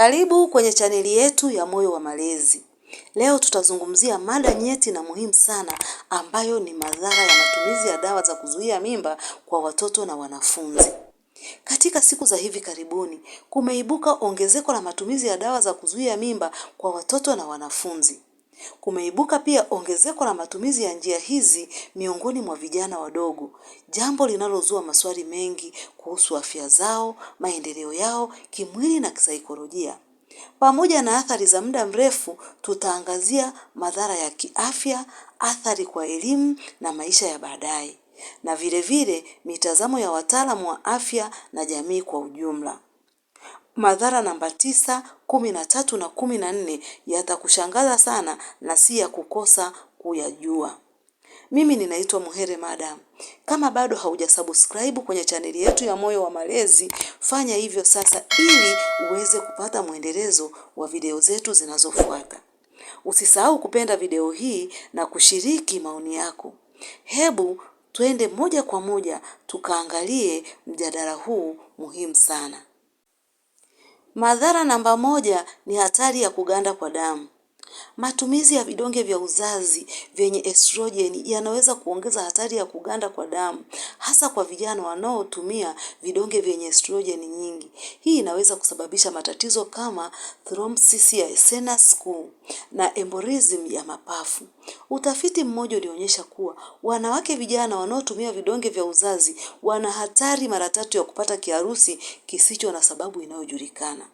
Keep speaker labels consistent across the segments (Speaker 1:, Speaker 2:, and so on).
Speaker 1: Karibu kwenye chaneli yetu ya Moyo wa Malezi. Leo tutazungumzia mada nyeti na muhimu sana ambayo ni madhara ya matumizi ya dawa za kuzuia mimba kwa watoto na wanafunzi. Katika siku za hivi karibuni kumeibuka ongezeko la matumizi ya dawa za kuzuia mimba kwa watoto na wanafunzi. Kumeibuka pia ongezeko la matumizi ya njia hizi miongoni mwa vijana wadogo, jambo linalozua maswali mengi kuhusu afya zao, maendeleo yao kimwili na kisaikolojia. Pamoja na athari za muda mrefu, tutaangazia madhara ya kiafya, athari kwa elimu na maisha ya baadaye, na vilevile mitazamo ya wataalamu wa afya na jamii kwa ujumla. Madhara namba tisa, kumi na tatu na kumi na nne yatakushangaza sana na si ya kukosa kuyajua. Mimi ninaitwa Muhere Madam. Kama bado haujasubscribe kwenye chaneli yetu ya Moyo wa Malezi, fanya hivyo sasa ili uweze kupata mwendelezo wa video zetu zinazofuata. Usisahau kupenda video hii na kushiriki maoni yako. Hebu twende moja kwa moja tukaangalie mjadala huu muhimu sana. Madhara namba moja ni hatari ya kuganda kwa damu. Matumizi ya vidonge vya uzazi vyenye estrogen yanaweza kuongeza hatari ya kuganda kwa damu hasa kwa vijana wanaotumia vidonge vyenye estrogen nyingi. Hii inaweza kusababisha matatizo kama thrombosis ya sinus kuu na embolism ya mapafu. Utafiti mmoja ulionyesha kuwa wanawake vijana wanaotumia vidonge vya uzazi wana hatari mara tatu ya kupata kiharusi kisicho na sababu inayojulikana.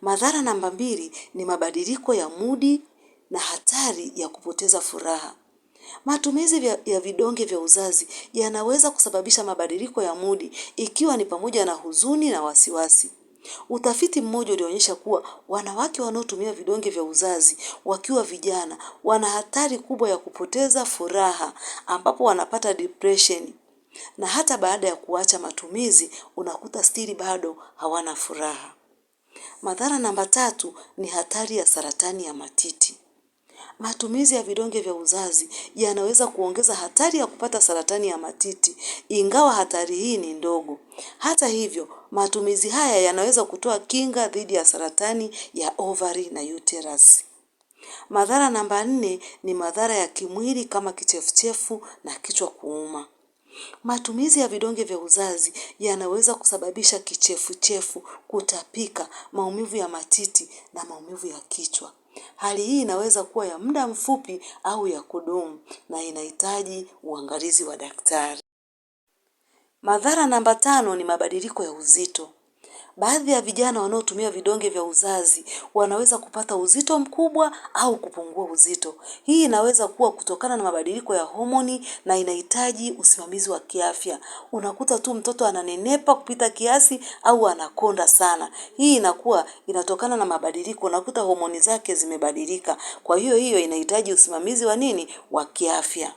Speaker 1: Madhara namba mbili ni mabadiliko ya mudi na hatari ya kupoteza furaha. Matumizi ya vidonge vya uzazi yanaweza kusababisha mabadiliko ya mudi ikiwa ni pamoja na huzuni na wasiwasi. Utafiti mmoja ulionyesha kuwa wanawake wanaotumia vidonge vya uzazi wakiwa vijana wana hatari kubwa ya kupoteza furaha ambapo wanapata depression na hata baada ya kuacha matumizi unakuta stili bado hawana furaha. Madhara namba tatu ni hatari ya saratani ya matiti matumizi ya vidonge vya uzazi yanaweza kuongeza hatari ya kupata saratani ya matiti, ingawa hatari hii ni ndogo. Hata hivyo, matumizi haya yanaweza kutoa kinga dhidi ya saratani ya ovari na uterus. Madhara namba nne ni madhara ya kimwili kama kichefuchefu na kichwa kuuma. Matumizi ya vidonge vya uzazi yanaweza kusababisha kichefuchefu, kutapika, maumivu ya matiti na maumivu ya kichwa. Hali hii inaweza kuwa ya muda mfupi au ya kudumu na inahitaji uangalizi wa daktari. Madhara namba tano ni mabadiliko ya uzito. Baadhi ya vijana wanaotumia vidonge vya uzazi wanaweza kupata uzito mkubwa au kupungua uzito. Hii inaweza kuwa kutokana na mabadiliko ya homoni na inahitaji usimamizi wa kiafya. Unakuta tu mtoto ananenepa kupita kiasi au anakonda sana. Hii inakuwa inatokana na mabadiliko, unakuta homoni zake zimebadilika. Kwa hiyo hiyo inahitaji usimamizi wa nini? Wa kiafya.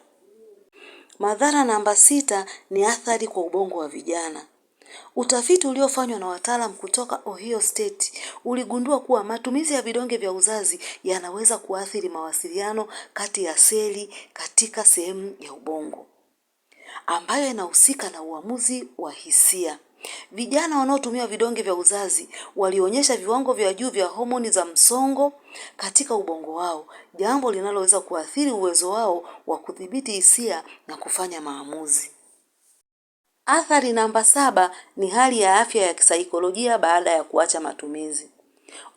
Speaker 1: Madhara namba sita ni athari kwa ubongo wa vijana. Utafiti uliofanywa na wataalam kutoka Ohio State uligundua kuwa matumizi ya vidonge vya uzazi yanaweza kuathiri mawasiliano kati ya seli katika sehemu ya ubongo ambayo inahusika na uamuzi wa hisia. Vijana wanaotumia vidonge vya uzazi walionyesha viwango vya juu vya homoni za msongo katika ubongo wao, jambo linaloweza kuathiri uwezo wao wa kudhibiti hisia na kufanya maamuzi. Athari namba saba ni hali ya afya ya kisaikolojia baada ya kuacha matumizi.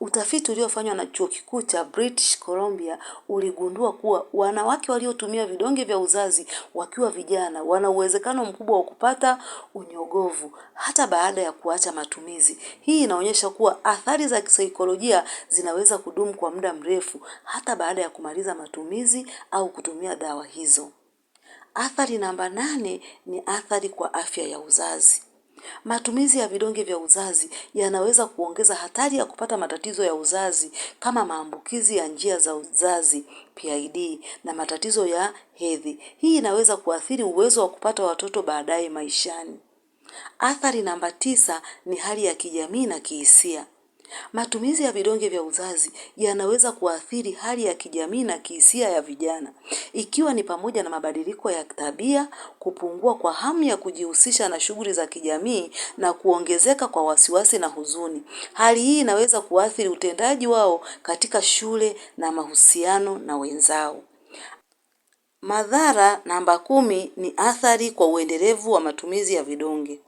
Speaker 1: Utafiti uliofanywa na chuo kikuu cha British Columbia uligundua kuwa wanawake waliotumia vidonge vya uzazi wakiwa vijana wana uwezekano mkubwa wa kupata unyogovu hata baada ya kuacha matumizi. Hii inaonyesha kuwa athari za kisaikolojia zinaweza kudumu kwa muda mrefu hata baada ya kumaliza matumizi au kutumia dawa hizo. Athari namba nane ni athari kwa afya ya uzazi. Matumizi ya vidonge vya uzazi yanaweza kuongeza hatari ya kupata matatizo ya uzazi kama maambukizi ya njia za uzazi PID na matatizo ya hedhi. Hii inaweza kuathiri uwezo wa kupata watoto baadaye maishani. Athari namba tisa ni hali ya kijamii na kihisia. Matumizi ya vidonge vya uzazi yanaweza kuathiri hali ya kijamii na kihisia ya vijana, ikiwa ni pamoja na mabadiliko ya tabia, kupungua kwa hamu ya kujihusisha na shughuli za kijamii na kuongezeka kwa wasiwasi na huzuni. Hali hii inaweza kuathiri utendaji wao katika shule na mahusiano na wenzao. Madhara namba kumi ni athari kwa uendelevu wa matumizi ya vidonge.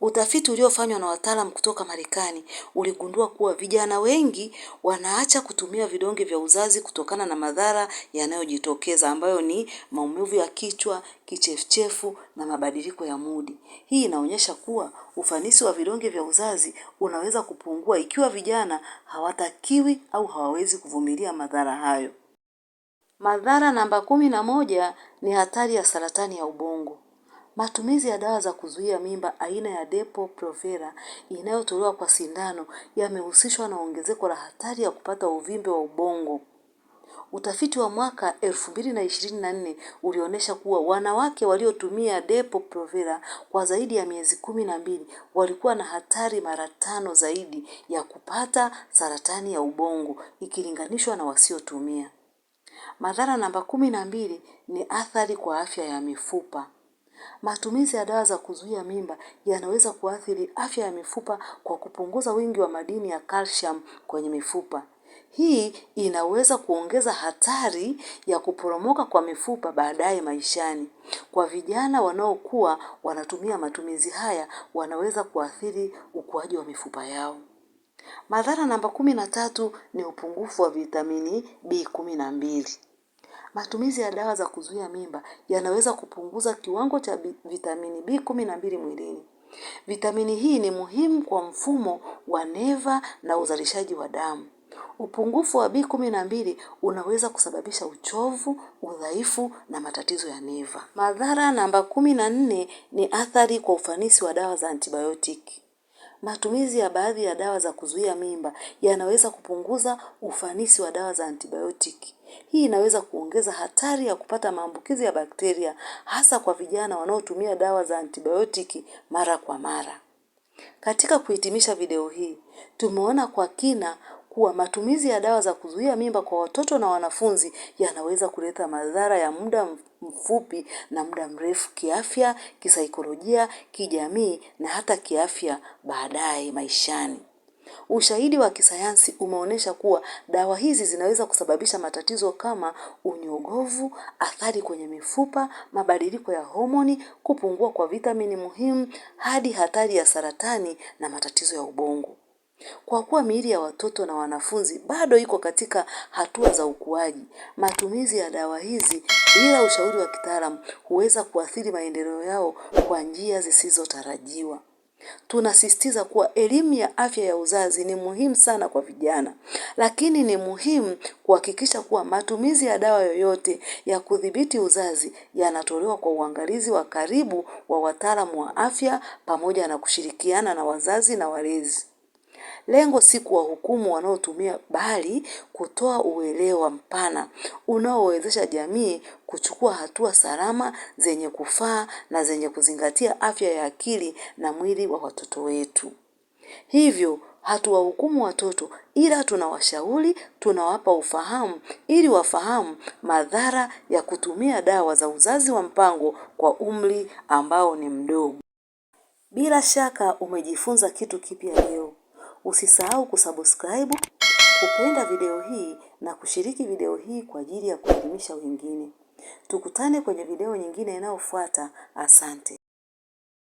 Speaker 1: Utafiti uliofanywa na wataalamu kutoka Marekani uligundua kuwa vijana wengi wanaacha kutumia vidonge vya uzazi kutokana na madhara yanayojitokeza ambayo ni maumivu ya kichwa, kichefuchefu na mabadiliko ya mudi. Hii inaonyesha kuwa ufanisi wa vidonge vya uzazi unaweza kupungua ikiwa vijana hawatakiwi au hawawezi kuvumilia madhara hayo. Madhara namba kumi na moja ni hatari ya saratani ya ubongo. Matumizi ya dawa za kuzuia mimba aina ya Depo-provera inayotolewa kwa sindano yamehusishwa na ongezeko la hatari ya kupata uvimbe wa ubongo. Utafiti wa mwaka 2024 ulionyesha kuwa wanawake waliotumia Depo-provera kwa zaidi ya miezi kumi na mbili walikuwa na hatari mara tano zaidi ya kupata saratani ya ubongo ikilinganishwa na wasiotumia. Madhara namba kumi na mbili ni athari kwa afya ya mifupa. Matumizi ya dawa za kuzuia mimba yanaweza kuathiri afya ya mifupa kwa kupunguza wingi wa madini ya calcium kwenye mifupa. Hii inaweza kuongeza hatari ya kuporomoka kwa mifupa baadaye maishani. Kwa vijana wanaokuwa wanatumia matumizi haya, wanaweza kuathiri ukuaji wa mifupa yao. Madhara namba kumi na tatu ni upungufu wa vitamini B kumi na mbili. Matumizi ya dawa za kuzuia mimba yanaweza kupunguza kiwango cha vitamini B kumi na mbili mwilini. Vitamini hii ni muhimu kwa mfumo wa neva na uzalishaji wa damu. Upungufu wa B kumi na mbili unaweza kusababisha uchovu, udhaifu na matatizo ya neva. Madhara namba kumi na nne ni athari kwa ufanisi wa dawa za antibiotiki. Matumizi ya baadhi ya dawa za kuzuia mimba yanaweza kupunguza ufanisi wa dawa za antibiotiki. Hii inaweza kuongeza hatari ya kupata maambukizi ya bakteria hasa kwa vijana wanaotumia dawa za antibiotiki mara kwa mara. Katika kuhitimisha video hii, tumeona kwa kina kuwa matumizi ya dawa za kuzuia mimba kwa watoto na wanafunzi yanaweza kuleta madhara ya muda mfupi na muda mrefu kiafya, kisaikolojia, kijamii na hata kiafya baadaye maishani. Ushahidi wa kisayansi umeonyesha kuwa dawa hizi zinaweza kusababisha matatizo kama unyogovu, athari kwenye mifupa, mabadiliko ya homoni, kupungua kwa vitamini muhimu, hadi hatari ya saratani na matatizo ya ubongo. Kwa kuwa miili ya watoto na wanafunzi bado iko katika hatua za ukuaji, matumizi ya dawa hizi bila ushauri wa kitaalamu huweza kuathiri maendeleo yao kwa njia zisizotarajiwa. Tunasisitiza kuwa elimu ya afya ya uzazi ni muhimu sana kwa vijana, lakini ni muhimu kuhakikisha kuwa matumizi ya dawa yoyote ya kudhibiti uzazi yanatolewa kwa uangalizi wa karibu wa wataalamu wa afya pamoja na kushirikiana na wazazi na walezi. Lengo si kuwahukumu wanaotumia, bali kutoa uelewa mpana unaowezesha jamii kuchukua hatua salama zenye kufaa na zenye kuzingatia afya ya akili na mwili wa watoto wetu. Hivyo hatuwahukumu watoto ila tunawashauri, tunawapa ufahamu ili wafahamu madhara ya kutumia dawa za uzazi wa mpango kwa umri ambao ni mdogo. Bila shaka umejifunza kitu kipya leo. Usisahau kusubscribe, kupenda video hii na kushiriki video hii kwa ajili ya kuelimisha wengine. Tukutane kwenye video nyingine inayofuata. Asante.